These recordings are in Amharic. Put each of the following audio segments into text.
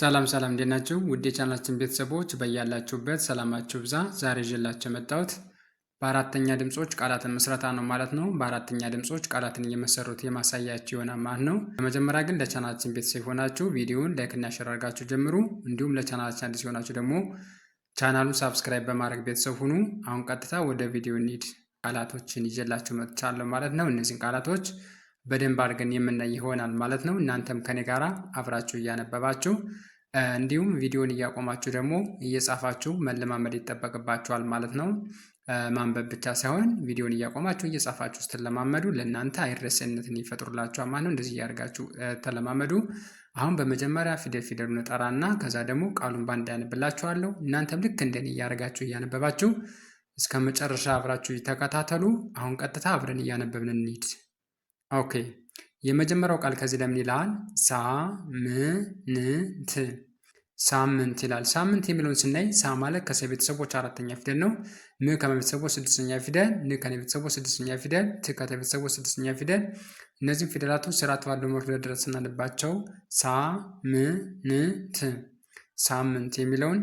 ሰላም ሰላም እንዴት ናችሁ? ውድ የቻናላችን ቤተሰቦች በያላችሁበት ሰላማችሁ ብዛ። ዛሬ ይዤላችሁ የመጣሁት በአራተኛ ድምጾች ቃላትን ምስረታ ነው ማለት ነው። በአራተኛ ድምጾች ቃላትን እየመሰሩት የማሳያችሁ ይሆናል ማለት ነው። በመጀመሪያ ግን ለቻናላችን ቤተሰብ የሆናችሁ ቪዲዮውን ላይክና ሸር አድርጋችሁ ጀምሩ። እንዲሁም ለቻናላችን አዲስ የሆናችሁ ደግሞ ቻናሉን ሳብስክራይብ በማድረግ ቤተሰብ ሁኑ። አሁን ቀጥታ ወደ ቪዲዮ እንሂድ። ቃላቶችን ይዤላችሁ መጥቻለሁ ማለት ነው። እነዚህን ቃላቶች በደንብ አድርገን የምናይ ይሆናል ማለት ነው። እናንተም ከኔ ጋራ አብራችሁ እያነበባችሁ እንዲሁም ቪዲዮን እያቆማችሁ ደግሞ እየጻፋችሁ መለማመድ ይጠበቅባችኋል ማለት ነው። ማንበብ ብቻ ሳይሆን ቪዲዮን እያቆማችሁ እየጻፋችሁ ስትለማመዱ ለእናንተ አይረሴነትን ይፈጥሩላችኋል ማለት ነው። እንደዚህ እያደርጋችሁ ተለማመዱ። አሁን በመጀመሪያ ፊደል ፊደሉን እጠራና ከዛ ደግሞ ቃሉን ባንድ ያነብላችኋለሁ። እናንተም ልክ እንደኔ እያደርጋችሁ እያነበባችሁ እስከ መጨረሻ አብራችሁ ተከታተሉ። አሁን ቀጥታ አብረን እያነበብን እንሂድ። ኦኬ የመጀመሪያው ቃል ከዚህ ለምን ይላል? ሳምንት ሳምንት ይላል። ሳምንት የሚለውን ስናይ ሳ ማለት ከሰ ቤተሰቦች አራተኛ ፊደል ነው። ም ከመ ቤተሰቦች ስድስተኛ ፊደል፣ ን ከነ ቤተሰቦች ስድስተኛ ፊደል፣ ት ከተ ቤተሰቦች ስድስተኛ ፊደል። እነዚህም ፊደላቶች ስርዓት ባለው መልኩ ድረስ ስናነባቸው ሳምንት ሳምንት የሚለውን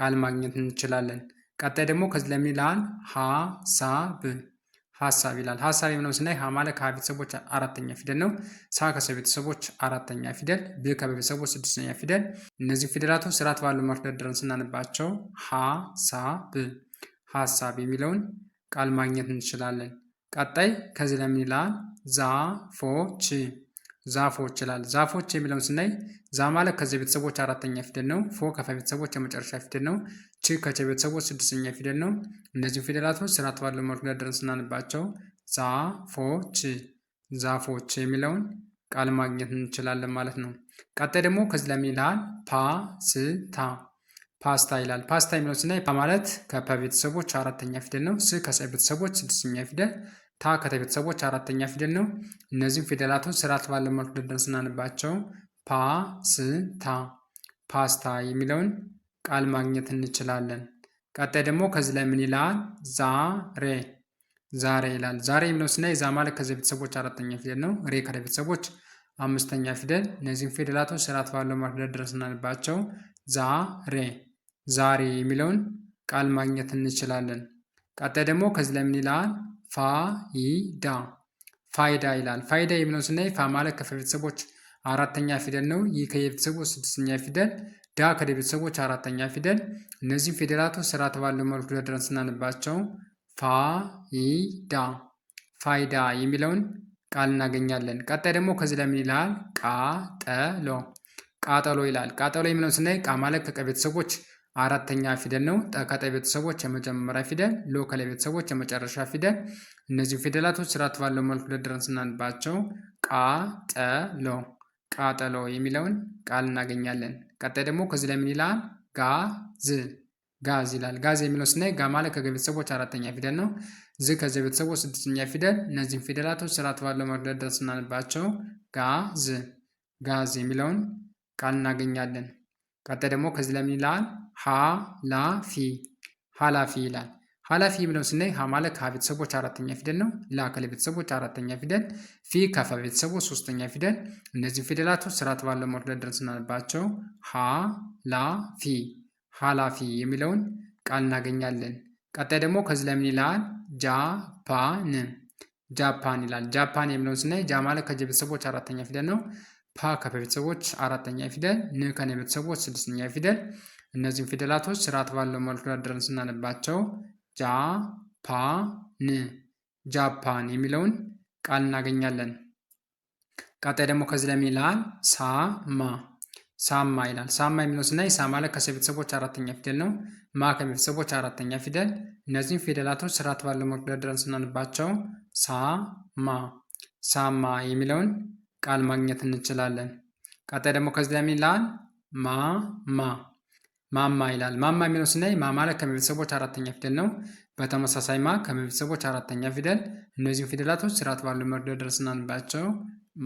ቃል ማግኘት እንችላለን። ቀጣይ ደግሞ ከዚህ ለምን ይላል? ሀሳብ ሀሳብ ይላል። ሀሳብ የምለው ስናይ ሀ ማለት ከሀ ቤተሰቦች አራተኛ ፊደል ነው። ሳ ከሰ ቤተሰቦች አራተኛ ፊደል፣ ብ ከቤተሰቦች ስድስተኛ ፊደል። እነዚህ ፊደላቱ ስርዓት ባሉ መልኩ ስናንባቸው ሀ ሳ ብ ሀሳብ የሚለውን ቃል ማግኘት እንችላለን። ቀጣይ ከዚህ ለምን ይላል ዛፎች ዛፎች ይላል። ዛፎች የሚለውን ስናይ ዛ ማለት ከዚህ ቤተሰቦች አራተኛ ፊደል ነው። ፎ ከፈ ቤተሰቦች የመጨረሻ ፊደል ነው። ቺ ከቸ ቤተሰቦች ስድስተኛ ፊደል ነው። እነዚህ ፊደላቶች ስርዓት ባለው መልኩ ደርድረን ስናነባቸው ዛፎች፣ ዛፎች የሚለውን ቃል ማግኘት እንችላለን ማለት ነው። ቀጣይ ደግሞ ከዚህ ለሚ ይልሃል ፓስታ፣ ፓስታ ይላል። ፓስታ የሚለውን ስናይ ፓ ማለት ከፐ ቤተሰቦች አራተኛ ፊደል ነው። ስ ከሰ ቤተሰቦች ስድስተኛ ፊደል ታ ከተቤተሰቦች አራተኛ ፊደል ነው። እነዚህም ፊደላቶች ስርዓት ባለው መልኩ ደርድረን ስናነባቸው ፓስታ ፓስታ የሚለውን ቃል ማግኘት እንችላለን። ቀጣይ ደግሞ ከዚህ ላይ ምን ይላል? ዛሬ ዛሬ ይላል። ዛሬ የሚለው ስናይ ዛ ማለት ከዚህ ቤተሰቦች አራተኛ ፊደል ነው። ሬ ከደ ቤተሰቦች አምስተኛ ፊደል። እነዚህም ፊደላቶች ስርዓት ባለው መልኩ ደርድረን ስናነባቸው ዛሬ ዛሬ የሚለውን ቃል ማግኘት እንችላለን። ቀጣይ ደግሞ ከዚህ ላይ ምን ይላል? ፋይዳ ፋይዳ ይላል። ፋይዳ የሚለውን ስናይ ፋ ማለት ከፈ ቤተሰቦች አራተኛ ፊደል ነው። ይህ ከየ ስድስተኛ ፊደል፣ ዳ ከደ ቤተሰቦች አራተኛ ፊደል። እነዚህም ፊደላቱ ስርዓት ባለው መልኩ ደርድረን ስናንባቸው ፋይዳ ፋይዳ የሚለውን ቃል እናገኛለን። ቀጣይ ደግሞ ከዚህ ለምን ምን ይላል? ቃጠሎ ቃጠሎ ይላል። ቃጠሎ የሚለውን ስናይ ቃ ማለት ከቀ ቤተሰቦች አራተኛ ፊደል ነው። ጠ ከጠ ቤተሰቦች የመጀመሪያ ፊደል፣ ሎ ከለ ቤተሰቦች የመጨረሻ ፊደል። እነዚሁ ፊደላቶች ስርዓት ባለው መልኩ ለድረን ስናንባቸው ቃ ጠ ሎ ቃጠሎ የሚለውን ቃል እናገኛለን። ቀጣይ ደግሞ ከዚህ ላይ ምን ይላል? ጋዝ ጋዝ ይላል። ጋዝ የሚለው ስናይ ጋ ማለት ከገ ቤተሰቦች አራተኛ ፊደል ነው። ዝ ከዚ ቤተሰቦች ስድስተኛ ፊደል። እነዚህም ፊደላቶች ስርዓት ባለው መልኩ ለድረን ስናንባቸው ጋዝ ጋዝ የሚለውን ቃል እናገኛለን። ቀጣይ ደግሞ ከዚህ ለምን ይላል? ሀላፊ ሃላፊ ይላል። ሃላፊ ብለው ስናይ ሃ ማለት ከሀ ቤተሰቦች አራተኛ ፊደል ነው። ላ ከለ ቤተሰቦች አራተኛ ፊደል፣ ፊ ከፈ ቤተሰቦች ሶስተኛ ፊደል። እነዚህ ፊደላቶች ስርዓት ባለው መውረድ ድረስ ስናነባቸው ሃላፊ ሃላፊ የሚለውን ቃል እናገኛለን። ቀጣይ ደግሞ ከዚህ ለምን ይላል? ጃፓን ጃፓን ይላል። ጃፓን የሚለውን ስናይ ጃ ማለት ከጀ ቤተሰቦች አራተኛ ፊደል ነው። ፓ ከቤተሰቦች አራተኛ ፊደል፣ ን ከነ ቤተሰቦች ስድስተኛ ፊደል። እነዚህም ፊደላቶች ስርዓት ባለው መልኩ ደርድረን ስናነባቸው ጃ ፓ ን ጃፓን የሚለውን ቃል እናገኛለን። ቀጣይ ደግሞ ከዚህ ለሚ ይላል ሳማ ሳማ ይላል። ሳማ የሚለው ስናይ ሳ ማለት ከሰ ቤተሰቦች አራተኛ ፊደል ነው። ማ ከቤተሰቦች አራተኛ ፊደል። እነዚህም ፊደላቶች ስርዓት ባለው መልኩ ደርድረን ስናነባቸው ሳማ ሳማ የሚለውን ቃል ማግኘት እንችላለን። ቀጣይ ደግሞ ከዚህ ላይ ይላል ማ ማማ ይላል። ማማ የሚለው ስናይ ማ ማለት ከመቤተሰቦች አራተኛ ፊደል ነው። በተመሳሳይ ማ ከመቤተሰቦች አራተኛ ፊደል። እነዚህም ፊደላቶች ስርዓት ባለው መርዶ ደረስናንባቸው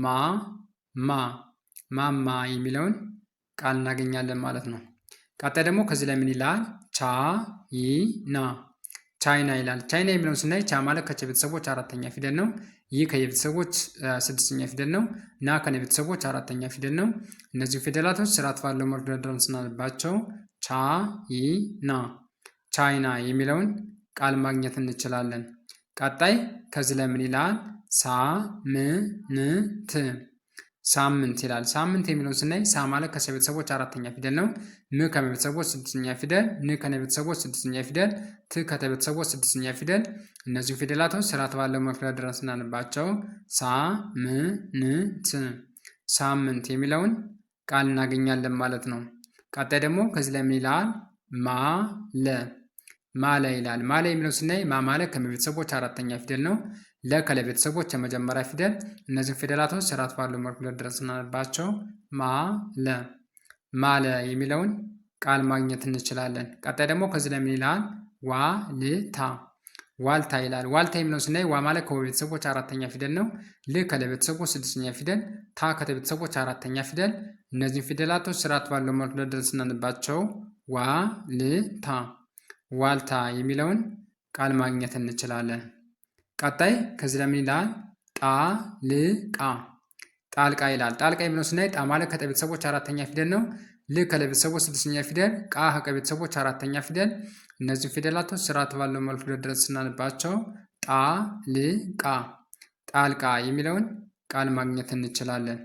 ማ ማ ማማ የሚለውን ቃል እናገኛለን ማለት ነው። ቀጣይ ደግሞ ከዚህ ላይ ምን ይላል? ቻይና ቻይና ይላል። ቻይና የሚለውን ስናይ ቻ ማለት ከቸ ቤተሰቦች አራተኛ ፊደል ነው። ይህ ከየቤተሰቦች ስድስተኛ ፊደል ነው። ና ከነቤተሰቦች አራተኛ ፊደል ነው። እነዚህ ፊደላቶች ስርዓት ባለው መርዳዳን ስናልባቸው ቻ ይ ና ቻይና የሚለውን ቃል ማግኘት እንችላለን። ቀጣይ ከዚህ ለምን ይላል ሳምንት ሳምንት ይላል። ሳምንት የሚለውን ስናይ ሳ ማለት ከሰ ቤተሰቦች አራተኛ ፊደል ነው። ም ከመ ቤተሰቦች ስድስተኛ ፊደል፣ ን ከነ ቤተሰቦች ስድስተኛ ፊደል፣ ት ከተ ቤተሰቦች ስድስተኛ ፊደል። እነዚሁ ፊደላቶች ስርዓት ባለው መክፈል ድረስ እናንባቸው። ት ሳምንት የሚለውን ቃል እናገኛለን ማለት ነው። ቀጣይ ደግሞ ከዚህ ላይ ምን ይላል? ማለ ማለ ይላል። ማለ የሚለው ስናይ ማ ማለት ከመ ቤተሰቦች አራተኛ ፊደል ነው። ለከለ ቤተሰቦች የመጀመሪያ ፊደል እነዚህን ፊደላቶች ስርዓት ባለው መልኩ ለድረስ ስናነባቸው ማለ ማለ የሚለውን ቃል ማግኘት እንችላለን። ቀጣይ ደግሞ ከዚህ ለምን ይላል ዋልታ ዋልታ ይላል። ዋልታ የሚለውን ስናይ ዋ ማለት ከወ ቤተሰቦች አራተኛ ፊደል ነው። ል ከለ ቤተሰቦች ስድስተኛ ፊደል፣ ታ ከተ ቤተሰቦች አራተኛ ፊደል። እነዚህን ፊደላቶች ስርዓት ባለው መልኩ ለድረስ ስናነባቸው ዋልታ ዋልታ የሚለውን ቃል ማግኘት እንችላለን። ቀጣይ ከዚህ ለምን ይላል ጣልቃ ጣልቃ ይላል። ጣልቃ የሚለው ስናይ ጣ ማለት ከጠ ቤተሰቦች አራተኛ ፊደል ነው። ል ከለ ቤተሰቦች ስድስተኛ ፊደል፣ ቃ ከቀ ቤተሰቦች አራተኛ ፊደል። እነዚህ ፊደላቶች ስርዓት ባለው መልኩ ደረስ ስናንባቸው ጣልቃ ጣልቃ የሚለውን ቃል ማግኘት እንችላለን።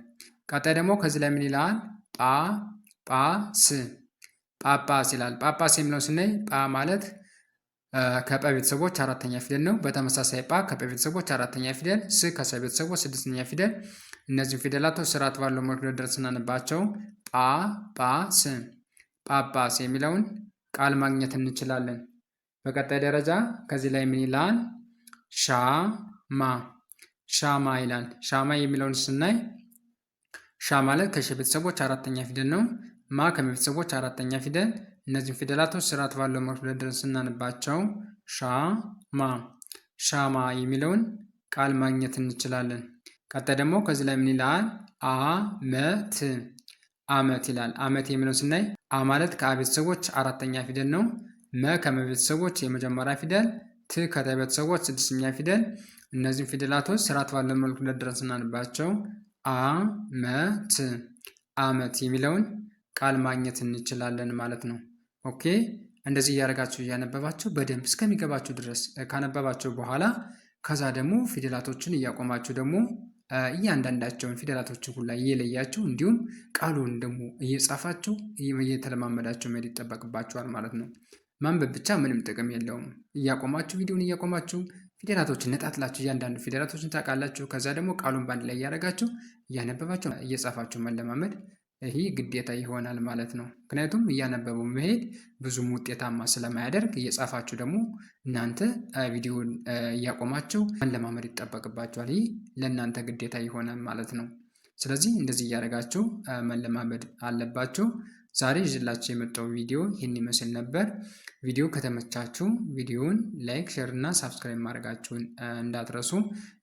ቀጣይ ደግሞ ከዚህ ለምን ይላል ጳጳስ ጳጳስ ይላል። ጳጳስ የሚለውን ስናይ ጳ ማለት ከጰ ቤተሰቦች አራተኛ ፊደል ነው። በተመሳሳይ ጳ ከጰ ቤተሰቦች አራተኛ ፊደል፣ ስ ከሰ ቤተሰቦች ስድስተኛ ፊደል። እነዚህ ፊደላቶች ስርዓት ባለው መልኩ ደርድረን ስናነባቸው ጳ ጳ ስ ጳጳስ የሚለውን ቃል ማግኘት እንችላለን። በቀጣይ ደረጃ ከዚህ ላይ ምን ይላል? ሻማ ሻማ ይላል። ሻማ የሚለውን ስናይ ሻ ማለት ከሸ ቤተሰቦች አራተኛ ፊደል ነው። ማ ከመ ቤተሰቦች አራተኛ ፊደል እነዚህም ፊደላቶች ስርዓት ባለው መልኩ ደርድረን ስናነባቸው ሻማ ሻማ የሚለውን ቃል ማግኘት እንችላለን። ቀጣይ ደግሞ ከዚህ ላይ ምን ይላል? አመት አመት ይላል። አመት የሚለውን ስናይ አ ማለት ከአቤተሰቦች አራተኛ ፊደል ነው። መ ከመቤተሰቦች የመጀመሪያ ፊደል፣ ት ከተቤተሰቦች ስድስተኛ ፊደል። እነዚህም ፊደላቶች ስርዓት ባለው መልኩ ደርድረን ስናነባቸው አመት አመት የሚለውን ቃል ማግኘት እንችላለን ማለት ነው። ኦኬ እንደዚህ እያደረጋችሁ እያነበባችሁ በደንብ እስከሚገባችሁ ድረስ ካነበባችሁ በኋላ ከዛ ደግሞ ፊደላቶችን እያቆማችሁ ደግሞ እያንዳንዳቸውን ፊደላቶችን ሁላ እየለያችሁ እንዲሁም ቃሉን ደግሞ እየጻፋችሁ እየተለማመዳችሁ መሄድ ይጠበቅባችኋል ማለት ነው። ማንበብ ብቻ ምንም ጥቅም የለውም። እያቆማችሁ ቪዲዮን እያቆማችሁ ፊደላቶችን ነጣጥላችሁ እያንዳንዱ ፊደላቶችን ታውቃላችሁ። ከዛ ደግሞ ቃሉን በአንድ ላይ እያደረጋችሁ እያነበባችሁ እየጻፋችሁ መለማመድ ይህ ግዴታ ይሆናል ማለት ነው። ምክንያቱም እያነበቡ መሄድ ብዙም ውጤታማ ስለማያደርግ እየጻፋችሁ ደግሞ እናንተ ቪዲዮን እያቆማችሁ መለማመድ ይጠበቅባችኋል። ይህ ለእናንተ ግዴታ ይሆናል ማለት ነው። ስለዚህ እንደዚህ እያደረጋችሁ መለማመድ አለባችሁ። ዛሬ ይዤላችሁ የመጣው ቪዲዮ ይህን ይመስል ነበር። ቪዲዮ ከተመቻችሁ ቪዲዮውን ላይክ፣ ሼር እና ሳብስክራይብ ማድረጋችሁን እንዳትረሱ።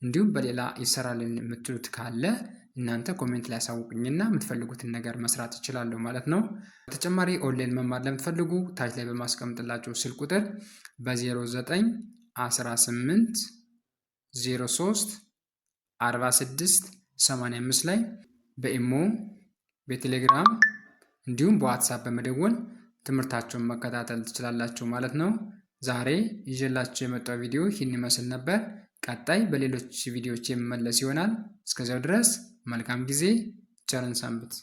እንዲሁም በሌላ ይሰራልን የምትሉት ካለ እናንተ ኮሜንት ላይ ያሳውቁኝና የምትፈልጉትን ነገር መስራት እችላለሁ ማለት ነው። በተጨማሪ ኦንላይን መማር ለምትፈልጉ ታች ላይ በማስቀምጥላችሁ ስልክ ቁጥር በ 0918 03 46 85 ላይ በኢሞ በቴሌግራም እንዲሁም በዋትሳፕ በመደወል ትምህርታቸውን መከታተል ትችላላችሁ ማለት ነው። ዛሬ ይዤላችሁ የመጣው ቪዲዮ ይህን ይመስል ነበር። ቀጣይ በሌሎች ቪዲዮዎች የምመለስ ይሆናል። እስከዚያው ድረስ መልካም ጊዜ፣ ቸርን ሰንብት።